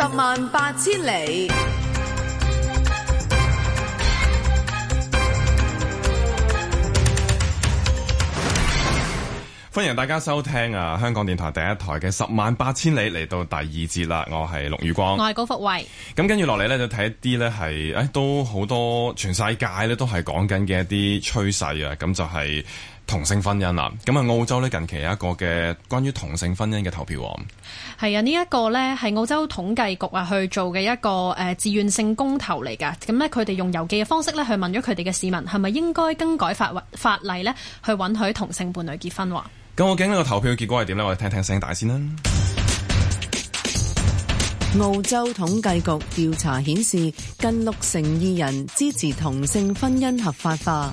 十萬八千里，歡迎大家收聽啊！香港電台第一台嘅《十萬八千里》嚟到第二節啦！我係陸宇光，我係高福慧。咁跟住落嚟咧，就睇一啲咧係誒，都好多全世界咧都係講緊嘅一啲趨勢啊！咁就係、是。同性婚姻啦，咁啊澳洲呢近期有一個嘅關於同性婚姻嘅投票喎。係啊，呢一個呢，係澳洲統計局啊去做嘅一個誒自願性公投嚟噶。咁呢，佢哋用郵寄嘅方式呢，去問咗佢哋嘅市民係咪應該更改法法例呢，去允許同性伴侶結婚喎。咁我驚呢個投票結果係點呢？我哋聽聽聲帶先啦。澳洲統計局調查顯示，近六成二人支持同性婚姻合法化。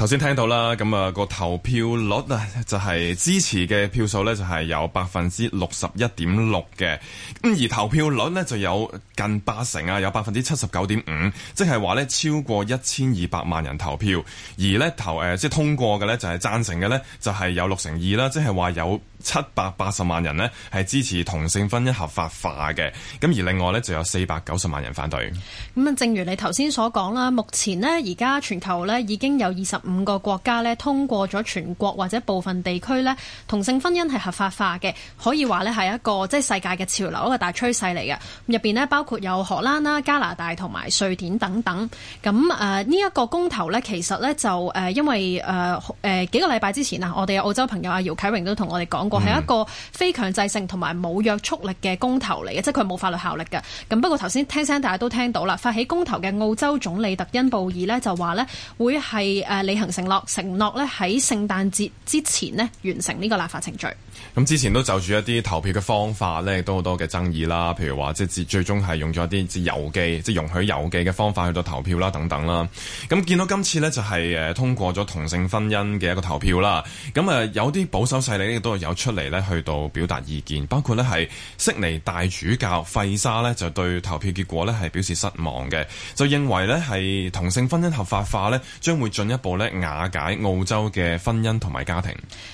頭先聽到啦，咁啊、個投票率啊就係支持嘅票數呢，就係有百分之六十一點六嘅，咁而投票率呢，就有近八成啊，有百分之七十九點五，即係話呢超過一千二百萬人投票，而呢投、呃、即係通過嘅呢，就係贊成嘅呢，就係有六成二啦，即係話有七百八十萬人呢，係支持同性婚姻合法化嘅，咁而另外呢，就有四百九十萬人反對。咁啊，正如你頭先所講啦，目前呢，而家全球呢，已經有二十五個國家呢，通過咗全國或者部分地區呢，同性婚姻係合法化嘅，可以話呢，係一個即係世界嘅潮流，一個大趨勢嚟嘅。入邊呢，包括有荷蘭啦、加拿大同埋瑞典等等。咁誒呢一個公投呢，其實呢，就誒因為誒誒幾個禮拜之前啊，我哋澳洲朋友阿姚啟榮都同我哋講。係、嗯、一個非強制性同埋冇約束力嘅公投嚟嘅，即係佢冇法律效力嘅。咁不過頭先聽聲，大家都聽到啦，發起公投嘅澳洲總理特恩布爾呢就話呢會係誒履行承諾，承諾呢喺聖誕節之前呢完成呢個立法程序。咁之前都就住一啲投票嘅方法呢，都好多嘅爭議啦，譬如話即係最終係用咗一啲郵寄，即係容許郵寄嘅方法去做投票啦，等等啦。咁見到今次呢，就係誒通過咗同性婚姻嘅一個投票啦。咁啊有啲保守勢力呢都係有。出嚟咧，去到表達意見，包括咧係悉尼大主教費沙咧，就對投票結果咧係表示失望嘅，就認為咧係同性婚姻合法化咧，將會進一步咧瓦解澳洲嘅婚姻同埋家庭。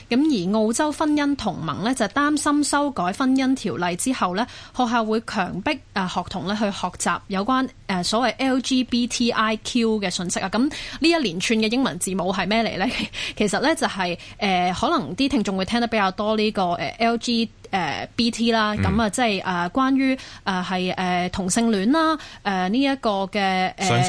咁而澳洲婚姻同盟咧就擔心修改婚姻條例之後咧，學校會強迫誒學童咧去學習有關誒所謂 LGBTIQ 嘅信息啊。咁呢一連串嘅英文字母係咩嚟咧？其實咧就係、是、誒、呃、可能啲聽眾會聽得比較多。呢個誒 LG。誒、呃、B.T. 啦，咁啊、嗯，即係誒關於誒係誒同性戀啦，誒呢一個嘅誒雙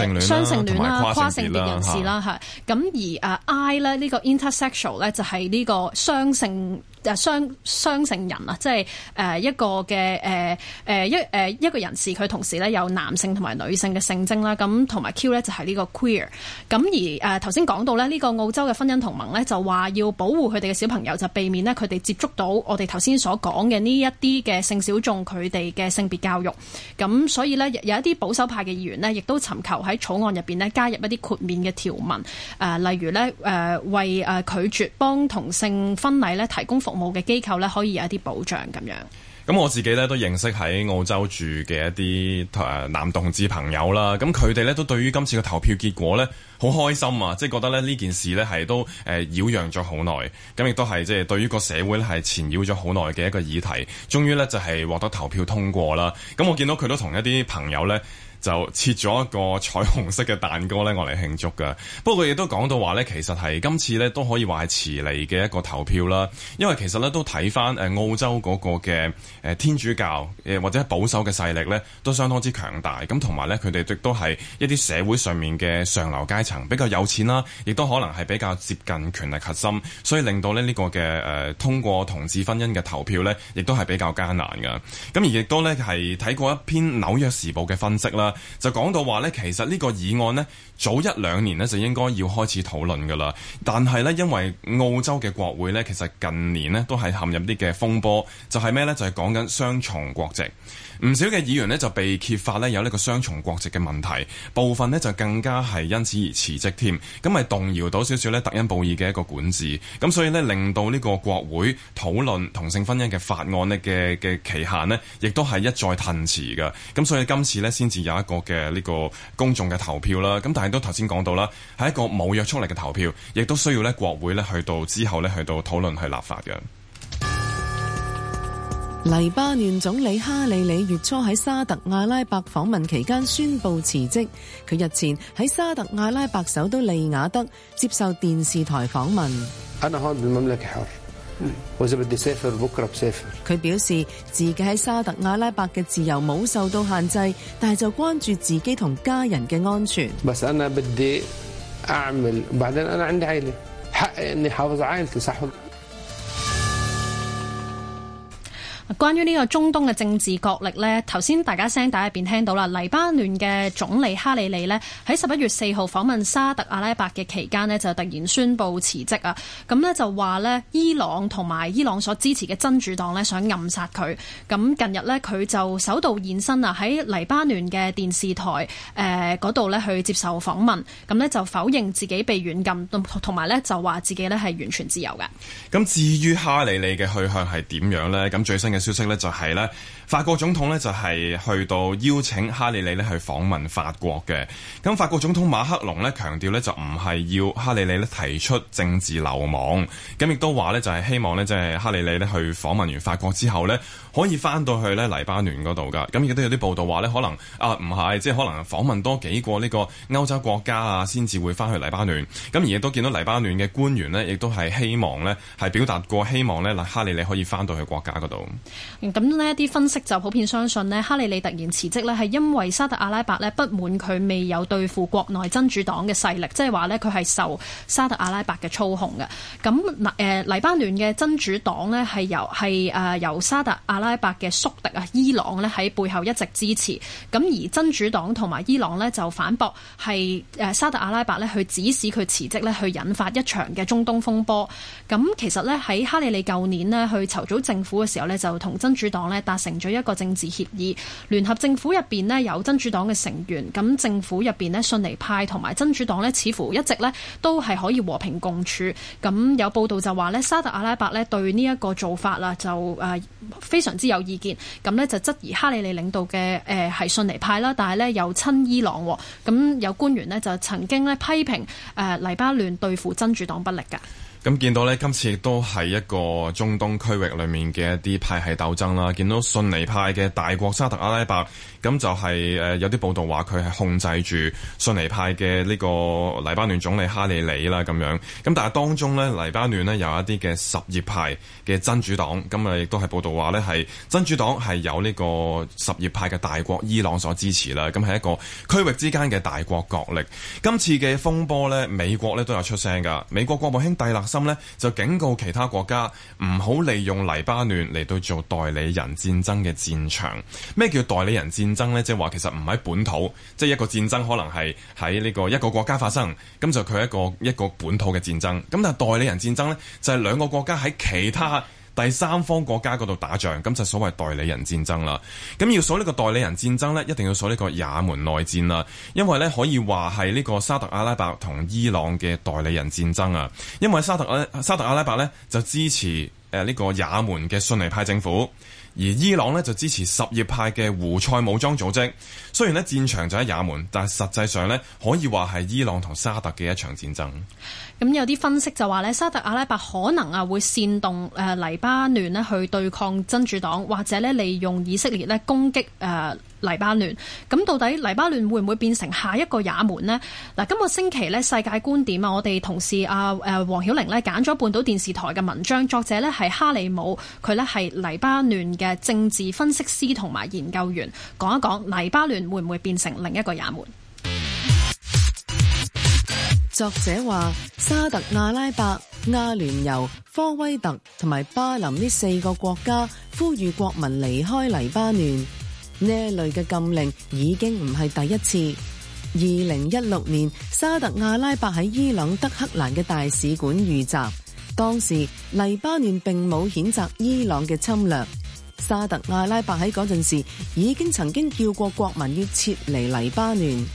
性戀啦，性啦跨性別人士啦吓，咁的而誒、呃、I 咧呢個 intersexual 咧就係呢個雙性誒雙雙性人啊，即係誒一個嘅誒誒一誒、呃、一個人士佢同時咧有男性同埋女性嘅性徵啦。咁同埋 Q 咧就係呢個 queer。咁而誒頭先講到咧呢、這個澳洲嘅婚姻同盟咧就話要保護佢哋嘅小朋友就避免咧佢哋接觸到我哋頭先所講。講嘅呢一啲嘅性小眾佢哋嘅性別教育咁，所以呢，有一啲保守派嘅議員呢，亦都尋求喺草案入邊呢，加入一啲豁免嘅條文誒，例如呢，誒為誒拒絕幫同性婚禮呢提供服務嘅機構呢，可以有一啲保障咁樣。咁我自己咧都認識喺澳洲住嘅一啲誒男同志朋友啦，咁佢哋咧都對於今次嘅投票結果咧好開心啊！即係覺得咧呢件事咧係都誒擾攘咗好耐，咁亦都係即係對於個社會咧係纏繞咗好耐嘅一個議題，終於咧就係、是、獲得投票通過啦。咁我見到佢都同一啲朋友咧，就切咗一個彩虹色嘅蛋糕咧，我嚟慶祝嘅。不過，佢亦都講到話咧，其實係今次咧都可以話係遲嚟嘅一個投票啦。因為其實咧都睇翻誒澳洲嗰個嘅誒、呃、天主教誒或者保守嘅勢力咧，都相當之強大。咁同埋咧，佢哋亦都係一啲社會上面嘅上流階層，比較有錢啦，亦都可能係比較接近權力核心，所以令到咧呢個嘅誒、呃、通過同志婚姻嘅投票咧，亦都係比較艱難嘅。咁而亦都咧係睇過一篇紐約時報嘅分析啦。就講到話呢，其實呢個議案呢，早一兩年呢，就應該要開始討論噶啦。但係呢，因為澳洲嘅國會呢，其實近年呢，都係陷入啲嘅風波，就係咩呢？就係講緊雙重國籍。唔少嘅議員呢，就被揭發呢，有呢個雙重國籍嘅問題，部分呢就更加係因此而辭職添，咁咪動搖到少少呢特恩布爾嘅一個管治，咁所以呢令到呢個國會討論同性婚姻嘅法案嘅嘅期限呢，亦都係一再騰遲嘅，咁所以今次呢先至有一個嘅呢個公眾嘅投票啦，咁但係都頭先講到啦，係一個冇約束力嘅投票，亦都需要呢國會呢去到之後呢，去到討論去立法嘅。黎巴嫩總理哈里里月初喺沙特阿拉伯訪問期間宣布辭職。佢日前喺沙特阿拉伯首都利雅德接受電視台訪問。佢表示自己喺沙特阿拉伯嘅自由冇受到限制，但係就關注自己同家人嘅安全。關於呢個中東嘅政治角力呢，頭先大家聲帶入邊聽到啦，黎巴嫩嘅總理哈里里呢，喺十一月四號訪問沙特阿拉伯嘅期間呢，就突然宣布辭職啊。咁呢就話呢，伊朗同埋伊朗所支持嘅真主黨呢，想暗殺佢。咁近日呢，佢就首度現身啊，喺黎巴嫩嘅電視台誒嗰度呢，呃、去接受訪問。咁呢就否認自己被軟禁，同埋呢就話自己呢係完全自由嘅。咁至於哈里里嘅去向係點樣呢？咁最新嘅消息咧就係咧。法國總統呢就係去到邀請哈里里去訪問法國嘅，咁法國總統馬克龍呢強調呢就唔係要哈里里提出政治流亡，咁亦都話呢，就係希望呢，即係哈里里去訪問完法國之後呢，可以翻到去呢黎巴嫩嗰度噶，咁亦都有啲報道話呢、啊，可能啊唔係，即係可能訪問多幾個呢個歐洲國家啊先至會翻去黎巴嫩，咁而亦都見到黎巴嫩嘅官員呢，亦都係希望呢，係表達過希望呢，嗱哈里里可以翻到去國家嗰度。咁呢一啲分析。就普遍相信咧，哈利利突然辭職咧，係因為沙特阿拉伯咧不滿佢未有對付國內真主黨嘅勢力，即係話咧佢係受沙特阿拉伯嘅操控嘅。咁誒、呃、黎巴嫩嘅真主黨咧係由係誒由沙特阿拉伯嘅宿敵啊伊朗咧喺背後一直支持。咁而真主黨同埋伊朗咧就反駁係誒沙特阿拉伯咧去指使佢辭職咧，去引發一場嘅中東風波。咁其實咧喺哈利利舊年咧去籌組政府嘅時候咧，就同真主黨咧達成咗。一個政治協議，聯合政府入邊咧有真主黨嘅成員，咁政府入邊呢遜尼派同埋真主黨呢，似乎一直呢都係可以和平共處。咁有報道就話呢，沙特阿拉伯呢對呢一個做法啦，就誒非常之有意見。咁呢就質疑哈里里領導嘅誒係遜尼派啦，但係呢有親伊朗。咁有官員呢就曾經呢批評誒黎巴嫩對付真主黨不力噶。咁見到呢，今次亦都係一個中東區域裏面嘅一啲派系鬥爭啦。見到遜尼派嘅大國沙特阿拉伯，咁就係誒有啲報道話佢係控制住遜尼派嘅呢個黎巴嫩總理哈里里啦咁樣。咁但係當中呢，黎巴嫩呢有一啲嘅什葉派嘅真主黨，今日亦都係報道話呢，係真主黨係有呢個什葉派嘅大國伊朗所支持啦。咁係一個區域之間嘅大國角力。今次嘅風波呢，美國呢都有出聲噶。美國國務卿蒂勒就警告其他國家唔好利用黎巴嫩嚟到做代理人戰爭嘅戰場。咩叫代理人戰爭呢？即係話其實唔喺本土，即係一個戰爭可能係喺呢個一個國家發生，咁就佢係一個一個本土嘅戰爭。咁但係代理人戰爭呢，就係兩個國家喺其他。嗯。第三方國家嗰度打仗，咁就所謂代理人戰爭啦。咁要數呢個代理人戰爭呢一定要數呢個也門內戰啦，因為呢可以話係呢個沙特阿拉伯同伊朗嘅代理人戰爭啊。因為沙特阿沙特阿拉伯呢，就支持呢、呃呢個也門嘅遜尼派政府。而伊朗呢就支持什葉派嘅胡塞武裝組織，雖然呢戰場就喺也門，但係實際上呢可以話係伊朗同沙特嘅一場戰爭。咁有啲分析就話呢沙特阿拉伯可能啊會煽動誒黎巴嫩呢去對抗真主黨或者咧利用以色列咧攻擊誒黎巴嫩。咁到底黎巴嫩會唔會變成下一個也門呢？嗱，今個星期呢世界觀點啊，我哋同事阿誒黃曉玲咧揀咗半島電視台嘅文章，作者咧係哈利姆，佢咧係黎巴嫩嘅。政治分析師同埋研究員講一講黎巴嫩會唔會變成另一個也門？作者話，沙特阿拉伯、阿聯酋、科威特同埋巴林呢四個國家呼籲國民離開黎巴嫩。呢類嘅禁令已經唔係第一次。二零一六年，沙特阿拉伯喺伊朗德黑蘭嘅大使館遇襲，當時黎巴嫩並冇譴責伊朗嘅侵略。沙特阿拉伯喺嗰陣時已經曾經叫過國民要撤離黎巴嫩，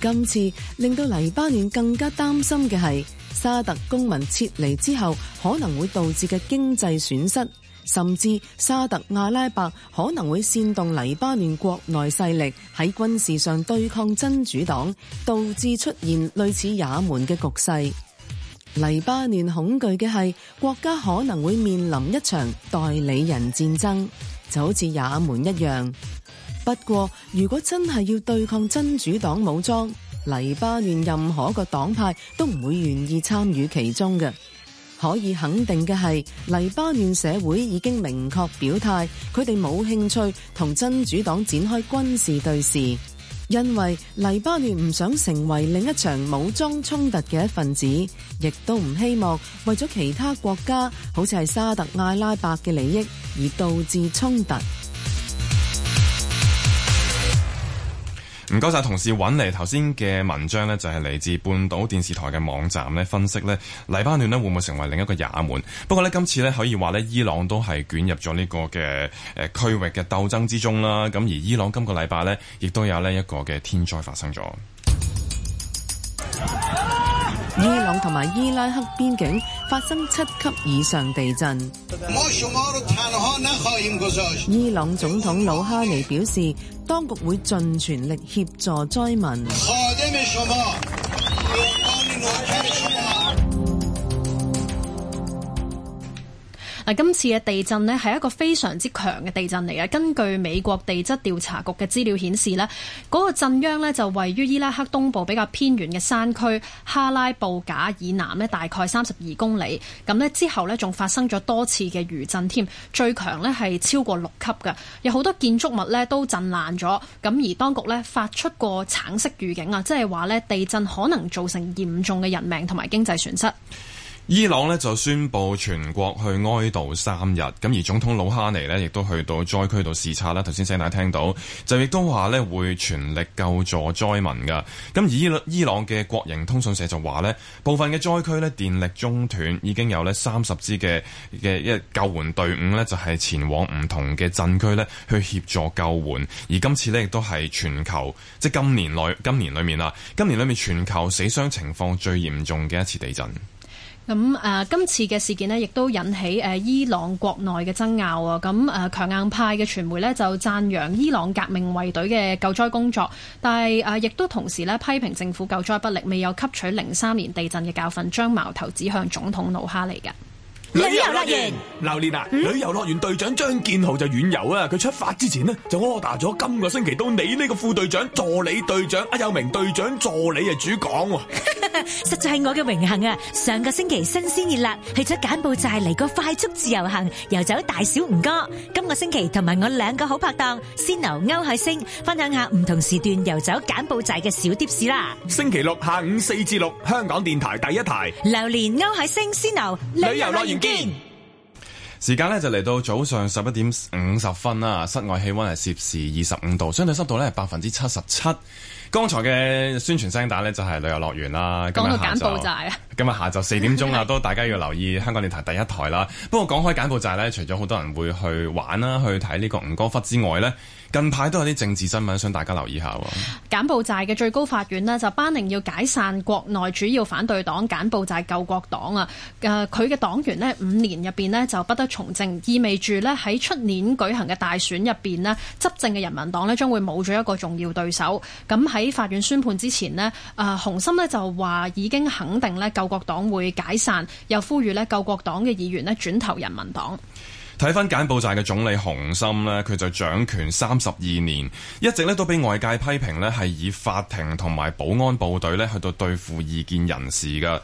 今次令到黎巴嫩更加擔心嘅係沙特公民撤離之後可能會導致嘅經濟損失，甚至沙特阿拉伯可能會煽動黎巴嫩國內勢力喺軍事上對抗真主黨，導致出現類似也門嘅局勢。黎巴嫩恐懼嘅係國家可能會面臨一場代理人戰爭，就好似也門一樣。不過，如果真係要對抗真主黨武裝，黎巴嫩任何個黨派都唔會願意參與其中嘅。可以肯定嘅係，黎巴嫩社會已經明確表態，佢哋冇興趣同真主黨展開軍事對峙。因為黎巴嫩唔想成為另一場武裝衝突嘅一份子，亦都唔希望為咗其他國家，好似係沙特阿拉伯嘅利益而導致衝突。唔該曬同事揾嚟頭先嘅文章呢，就係嚟自《半島電視台》嘅網站呢，分析呢，黎巴嫩呢會唔會成為另一個也門？不過呢，今次呢可以話呢伊朗都係捲入咗呢個嘅誒區域嘅鬥爭之中啦。咁而伊朗今個禮拜呢，亦都有呢一個嘅天災發生咗。伊朗同埋伊拉克邊境。發生七級以上地震，伊朗總統魯哈尼表示，當局會盡全力協助災民。嗱，今次嘅地震咧係一個非常之強嘅地震嚟嘅。根據美國地質調查局嘅資料顯示呢，嗰個震央咧就位於伊拉克東部比較偏遠嘅山區哈拉布賈以南咧，大概三十二公里。咁呢之後咧仲發生咗多次嘅餘震添，最強咧係超過六級㗎，有好多建築物咧都震爛咗。咁而當局咧發出個橙色預警啊，即係話咧地震可能造成嚴重嘅人命同埋經濟損失。伊朗就宣布全國去哀悼三日，咁而總統魯哈尼咧亦都去到災區度視察啦。頭先，聲帶聽到就亦都話會會全力救助災民噶。咁而伊朗嘅國營通訊社就話部分嘅災區電電力中斷，已經有咧三十支嘅嘅一救援隊伍就係前往唔同嘅鎮區去協助救援。而今次亦都係全球即係今年內今年裏面啦，今年裏面全球死傷情況最嚴重嘅一次地震。咁誒，今次嘅事件呢亦都引起伊朗國內嘅爭拗啊！咁誒強硬派嘅傳媒呢就讚揚伊朗革命衛隊嘅救災工作，但亦都同時呢批評政府救災不力，未有吸取零三年地震嘅教訓，將矛頭指向總統努哈尼嘅。旅遊樂園，劉蓮啊！旅遊樂園隊長張建豪就遠遊啊！佢出發之前呢，就 order 咗今個星期到你呢個副隊長助理隊長啊，有名隊長助理啊主講。實在係我嘅榮幸啊！上個星期新鮮熱辣去咗柬埔寨嚟個快速自由行，遊走大小吳哥。今個星期同埋我兩個好拍檔，先牛歐海星分享下唔同時段遊走柬埔寨嘅小貼士啦。星期六下午四至六，香港電台第一台。劉蓮、歐海星、先牛旅遊樂園。時間咧就嚟到早上十一點五十分啦，室外氣溫係攝氏二十五度，相對濕度咧係百分之七十七。剛才嘅宣傳聲帶咧就係旅遊樂園啦。講到柬埔寨啊，今日下晝四點鐘啦，都大家要留意香港電台第一台啦。不過講開柬埔寨咧，除咗好多人會去玩啦，去睇呢個吳哥窟之外咧，近排都有啲政治新聞，想大家留意下喎。柬埔寨嘅最高法院呢，就頒令要解散國內主要反對黨柬埔寨救國黨啊，誒佢嘅黨員呢，五年入邊呢，就不得從政，意味住呢，喺出年舉行嘅大選入邊呢，執政嘅人民黨呢，將會冇咗一個重要對手。咁喺法院宣判之前呢，誒、呃、洪森呢，就話已經肯定呢，救國黨會解散，又呼籲呢，救國黨嘅議員呢，轉投人民黨。睇返柬埔寨嘅總理洪森呢，佢就掌權三十二年，一直咧都俾外界批評，呢係以法庭同埋保安部隊咧去到對付異見人士㗎。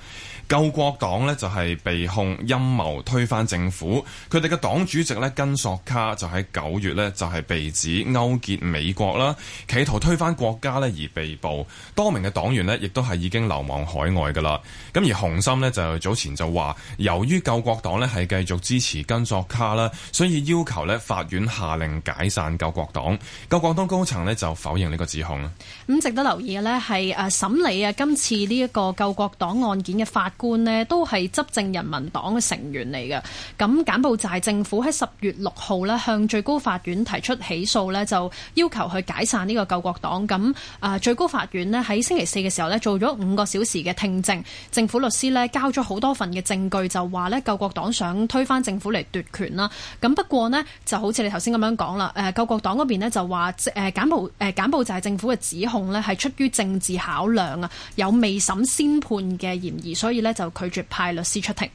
救國黨呢就係被控陰謀推翻政府，佢哋嘅黨主席呢，根索卡就喺九月呢就係被指勾結美國啦，企圖推翻國家呢而被捕，多名嘅黨員呢，亦都係已經流亡海外噶啦。咁而洪森呢，就早前就話，由於救國黨呢係繼續支持根索卡啦，所以要求呢法院下令解散救國黨。救國黨高層呢，就否認呢個指控啦。咁值得留意嘅呢，係誒審理啊今次呢一個救國黨案件嘅法。官咧都係執政人民黨嘅成員嚟嘅，咁柬埔寨政府喺十月六號咧向最高法院提出起訴，呢就要求去解散呢個救國黨。咁啊、呃，最高法院咧喺星期四嘅時候咧做咗五個小時嘅聽證，政府律師咧交咗好多份嘅證據，就話呢救國黨想推翻政府嚟奪權啦。咁不過呢就好似你頭先咁樣講啦，誒、呃、救國黨嗰邊咧就話誒柬埔寨誒柬埔寨政府嘅指控呢係出於政治考量啊，有未審先判嘅嫌疑，所以。就拒絕派律師出庭。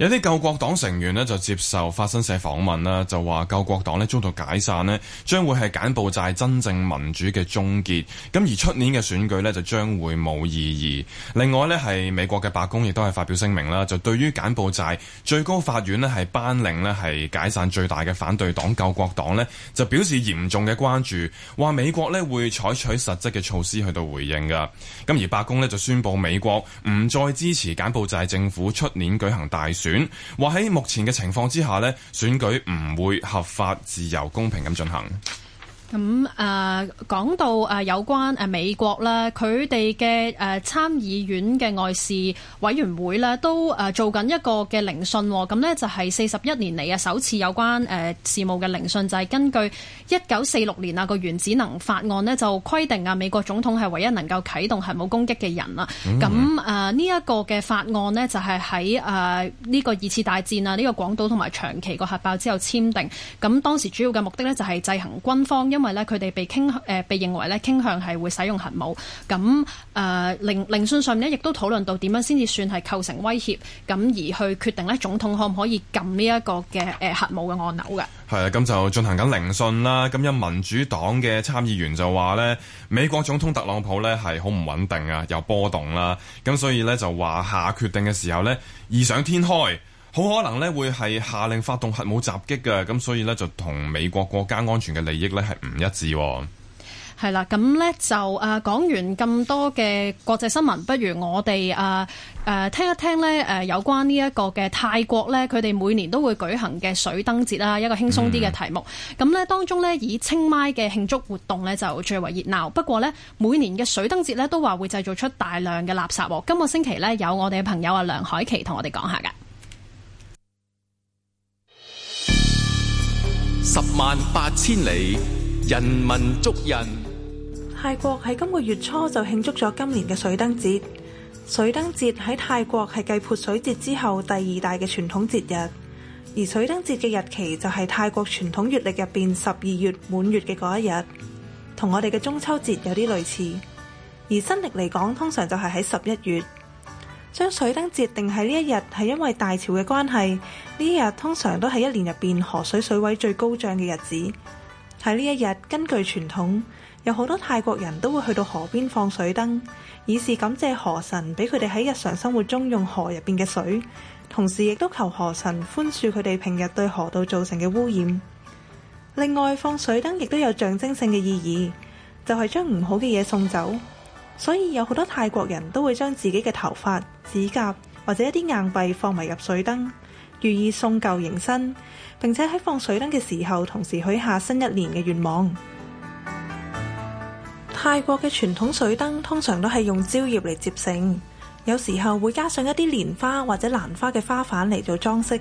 有啲救國黨成員就接受法新社訪問啦，就話救國黨呢遭到解散呢將會係柬埔寨真正民主嘅終結。咁而出年嘅選舉呢就將會冇意義。另外呢係美國嘅白宮亦都係發表聲明啦，就對於柬埔寨最高法院呢係頒令呢係解散最大嘅反對黨救國黨呢就表示嚴重嘅關注，話美國呢會採取實質嘅措施去到回應噶。咁而白宮呢就宣布美國唔再支持柬埔寨政府出年舉行大選。選話喺目前嘅情況之下咧，選舉唔會合法、自由、公平咁進行。咁誒講到誒有關誒美國咧，佢哋嘅誒參議院嘅外事委員會咧，都誒做緊一個嘅聆訊，咁咧就係四十一年嚟啊首次有關誒事務嘅聆訊就係、是、根據一九四六年啊個原子能法案咧，就規定啊美國總統係唯一能夠啟動核武攻擊嘅人啦。咁誒呢一個嘅法案咧，就係喺誒呢個二次大戰啊呢、這個廣島同埋長崎個核爆之後簽訂。咁當時主要嘅目的咧，就係制衡軍方因。因為咧，佢哋被傾誒，被認為咧傾向係會使用核武。咁誒、呃，聆聆訊上面咧，亦都討論到點樣先至算係構成威脅，咁而去決定咧總統可唔可以撳呢一個嘅誒、呃、核武嘅按鈕嘅。係啊，咁就進行緊聆訊啦。咁有民主黨嘅參議員就話咧，美國總統特朗普咧係好唔穩定啊，有波動啦。咁所以咧就話下決定嘅時候咧異想天開。好可能呢會係下令發動核武襲擊嘅，咁所以呢，就同美國國家安全嘅利益呢係唔一致。係啦，咁呢就誒講、啊、完咁多嘅國際新聞，不如我哋誒誒聽一聽呢誒、啊、有關呢一個嘅泰國呢，佢哋每年都會舉行嘅水燈節啦，一個輕鬆啲嘅題目。咁呢、嗯、當中呢，以清邁嘅慶祝活動呢就最為熱鬧。不過呢，每年嘅水燈節呢都話會製造出大量嘅垃圾。今個星期呢，有我哋嘅朋友阿梁凱琪同我哋講下噶。十萬八千里，人文足印。泰國喺今個月初就慶祝咗今年嘅水燈節。水燈節喺泰國係繼潑水節之後第二大嘅傳統節日，而水燈節嘅日期就係泰國傳統月曆入面十二月滿月嘅嗰一日，同我哋嘅中秋節有啲類似。而新曆嚟講，通常就係喺十一月。將水燈節定喺呢一日係因為大潮嘅關係，呢一日通常都係一年入面河水水位最高漲嘅日子。喺呢一日，根據傳統，有好多泰國人都會去到河邊放水燈，以示感謝河神俾佢哋喺日常生活中用河入面嘅水，同時亦都求河神寬恕佢哋平日對河道造成嘅污染。另外，放水燈亦都有象徵性嘅意義，就係將唔好嘅嘢送走。所以有好多泰國人都會將自己嘅頭髮、指甲或者一啲硬幣放埋入水燈，寓意送舊迎新。並且喺放水燈嘅時候，同時許下新一年嘅願望。泰國嘅傳統水燈通常都係用蕉葉嚟接成，有時候會加上一啲蓮花或者蘭花嘅花瓣嚟做裝飾，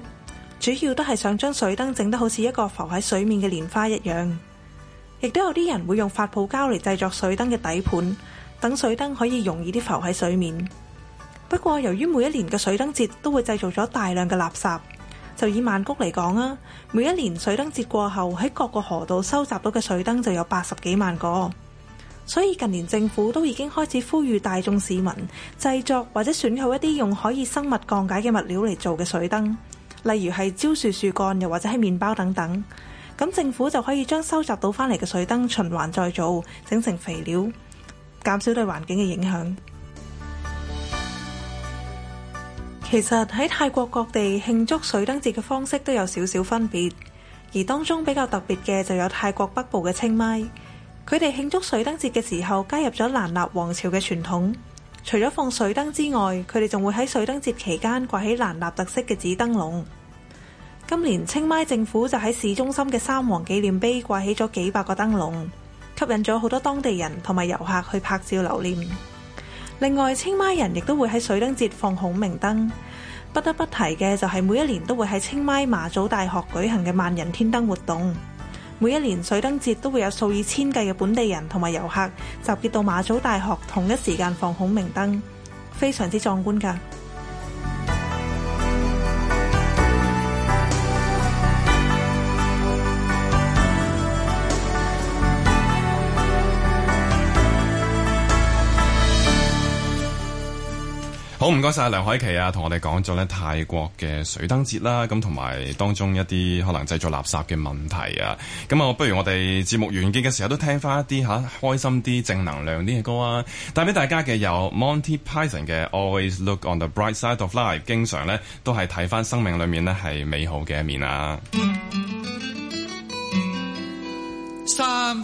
主要都係想將水燈整得好似一個浮喺水面嘅蓮花一樣。亦都有啲人會用發泡膠嚟製作水燈嘅底盤。等水燈可以容易啲浮喺水面。不過由於每一年嘅水燈節都會製造咗大量嘅垃圾，就以曼谷嚟講啊，每一年水燈節過後喺各個河道收集到嘅水燈就有八十幾萬個。所以近年政府都已經開始呼籲大眾市民製作或者選購一啲用可以生物降解嘅物料嚟做嘅水燈，例如係蕉樹樹幹又或者係麵包等等。咁政府就可以將收集到返嚟嘅水燈循環再做，整成肥料。減少對環境嘅影響。其實喺泰國各地慶祝水燈節嘅方式都有少少分別，而當中比較特別嘅就有泰國北部嘅清邁。佢哋慶祝水燈節嘅時候加入咗蘭納王朝嘅傳統，除咗放水燈之外，佢哋仲會喺水燈節期間掛起蘭納特色嘅紙燈籠。今年清邁政府就喺市中心嘅三王紀念碑掛起咗幾百個燈籠。吸引咗好多當地人同埋遊客去拍照留念。另外，清邁人亦都會喺水燈節放孔明燈。不得不提嘅就係每一年都會喺清邁馬祖大學舉行嘅萬人天燈活動。每一年水燈節都會有數以千計嘅本地人同埋遊客集結到馬祖大學同一時間放孔明燈，非常之壯觀㗎。好，唔該晒梁凱琪啊，同我哋講咗咧泰國嘅水燈節啦，啊，咁同埋當中一啲可能製造垃圾嘅問題啊，咁啊，不如我哋節目完結嘅時候都聽翻一啲吓開心啲，正能量啲嘅歌啊！帶俾大家嘅有 Monty Python 嘅 Always Look on the Bright Side of Life，經常咧都係睇翻生命裏面咧係美好嘅一面啊。Some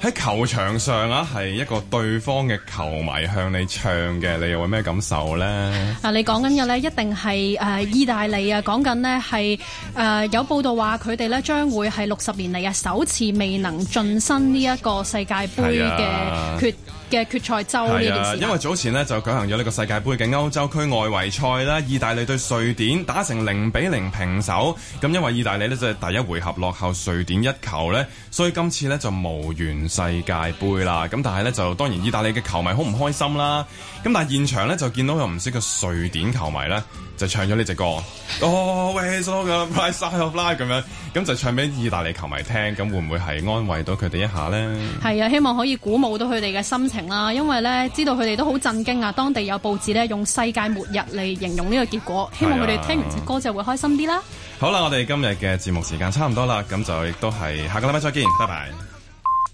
喺球場上啊，係一個對方嘅球迷向你唱嘅，你有咩感受咧？啊，你講緊嘅咧，一定係誒、呃、意大利啊，講緊呢，係、呃、誒有報道話佢哋咧將會係六十年嚟啊首次未能晉身呢一個世界盃嘅決嘅決賽周啊，因為早前咧就舉行咗呢個世界盃嘅歐洲區外圍賽啦，意大利對瑞典打成零比零平手，咁因為意大利咧就係第一回合落後瑞典一球咧，所以今次咧就無緣世界盃啦。咁但係咧就當然意大利嘅球迷好唔開心啦。咁但係現場咧就見到有唔少嘅瑞典球迷咧。就唱咗呢隻歌，Oh，we're so glad of life 咁樣，咁就唱俾意大利球迷聽，咁會唔會係安慰到佢哋一下咧？係啊，希望可以鼓舞到佢哋嘅心情啦，因為咧知道佢哋都好震驚啊，當地有報紙咧用世界末日嚟形容呢個結果，希望佢哋聽完隻歌就會開心啲啦。啊、好啦，我哋今日嘅節目時間差唔多啦，咁就亦都係下個禮拜再見，拜拜。拜拜